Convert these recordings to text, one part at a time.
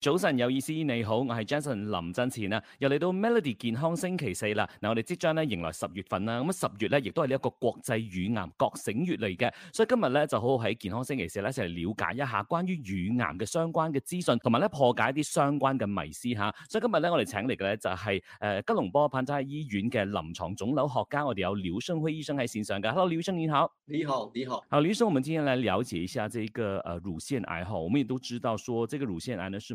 早晨有意思，你好，我係 Jason 林振前啊，又嚟到 Melody 健康星期四啦。嗱，我哋即將咧迎來十月份啦，咁啊十月咧亦都係一個國際乳癌覺醒月嚟嘅，所以今日咧就好好喺健康星期四咧一齊嚟了解一下關於乳癌嘅相關嘅資訊，同埋咧破解啲相關嘅迷思吓。所以今日咧我哋請嚟嘅咧就係、是、誒、呃、吉隆坡盼真醫院嘅臨床腫瘤學家，我哋有廖雙輝醫生喺線上嘅。Hello，廖醫生你好，你好，你好。好，廖醫生，我們今天嚟了解一下呢、這、一個誒、呃、乳腺癌嗬，我們也都知道說呢個乳腺癌咧是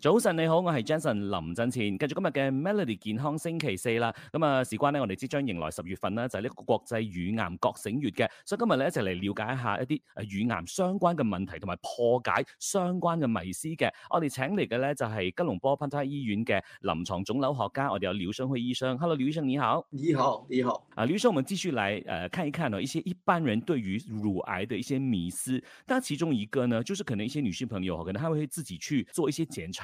早晨你好，我係 Jenson 林振前，繼續今日嘅 Melody 健康星期四啦，咁啊事關呢，我哋即將迎來十月份啦，就呢、是、個國際乳癌覺醒月嘅，所以今日咧一齊嚟了解一下一啲誒乳癌相關嘅問題，同埋破解相關嘅迷思嘅。我哋請嚟嘅咧就係、是、吉隆坡噴齋醫院嘅臨床腫瘤學家，我哋有廖生輝醫生。Hello，廖醫生你好，你好。你好，你好。啊，廖醫生，我們繼續嚟誒、呃，看一看呢、呃，一些一般人對於乳癌嘅一些迷思。但係其中一個呢，就是可能一些女性朋友可能他們會去自己去做一些檢查。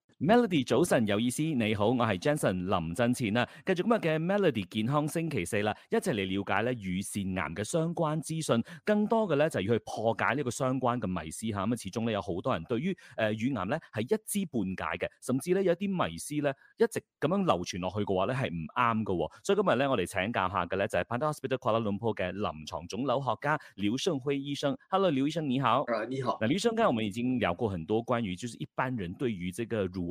Melody 早晨有意思，你好，我係 Jason 林振前啊，繼續今日嘅 Melody 健康星期四啦，一齊嚟了解咧乳腺癌嘅相關資訊，更多嘅咧就是、要去破解呢個相關嘅迷思吓，咁啊始終咧有好多人對於誒、呃、乳癌咧係一知半解嘅，甚至咧有啲迷思咧一直咁樣流傳落去嘅話咧係唔啱嘅，所以今日咧我哋請教一下嘅咧就係、是、Panda Hospital Kuala Lumpur 嘅臨床腫瘤學家廖雙輝醫生，Hello，廖醫生你好，啊你好，嗱、呃，廖醫生，剛才我們已經聊過很多關於，就是一般人對於這個乳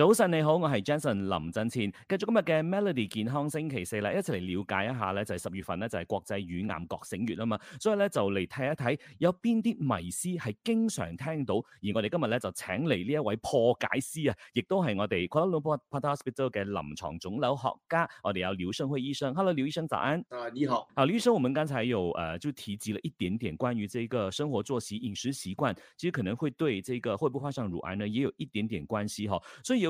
早晨你好，我係 Jenson 林振千，繼續今日嘅 Melody 健康星期四啦，一齊嚟了解一下呢就係十月份呢就係國際乳癌覺醒月啊嘛，所以呢，就嚟睇一睇有邊啲迷思係經常聽到，而我哋今日咧就請嚟呢一位破解師啊，亦都係我哋廣州腦科 hospital 嘅臨床腫瘤學家，我哋有劉勝輝醫生。Hello，劉醫生早安。你好。啊，劉醫生，我們剛才有就提及了一點點關於呢一個生活作息、飲食習慣，其實可能會對這個會不會患上乳癌呢，也有一點點關係哈，所以